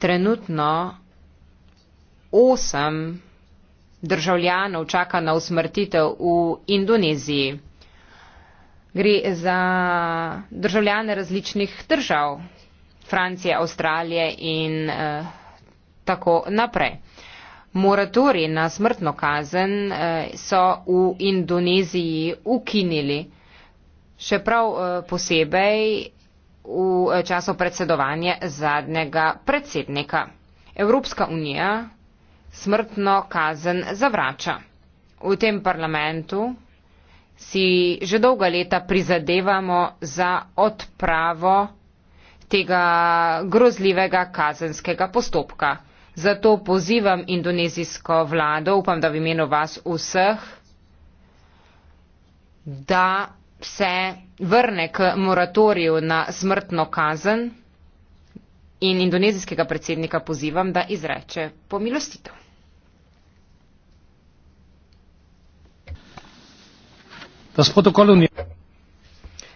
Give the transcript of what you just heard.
trenutno osem državljanov čaka na usmrtitev v Indoneziji. Gre za državljane različnih držav, Francije, Avstralije in eh, tako naprej. Moratori na smrtno kazen eh, so v Indoneziji ukinili. Še prav eh, posebej v eh, času predsedovanja zadnjega predsednika. Evropska unija smrtno kazen zavrača. V tem parlamentu si že dolga leta prizadevamo za odpravo tega grozljivega kazenskega postopka. Zato pozivam indonezijsko vlado, upam, da v imenu vas vseh, da se vrne k moratoriju na smrtno kazen in indonezijskega predsednika pozivam, da izreče pomilostitev. Gospod Okolovni,